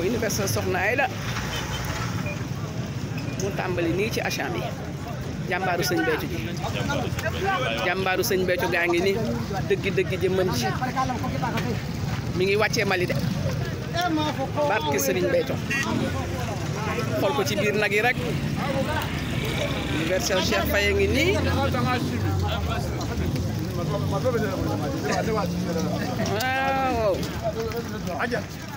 kaw université Soxna Aida mu tàmbali nii ci acham yi jàmbaaru sëñ Béthio ji jàmbaaru sëñ Béthio gaa ngi ni dëggi dëggi jëmmam ji mi ngi wàccee Mali de barke sëriñ Béthio xool ko ci biir nag yi rek universel Cheikh Faye ngi nii waaw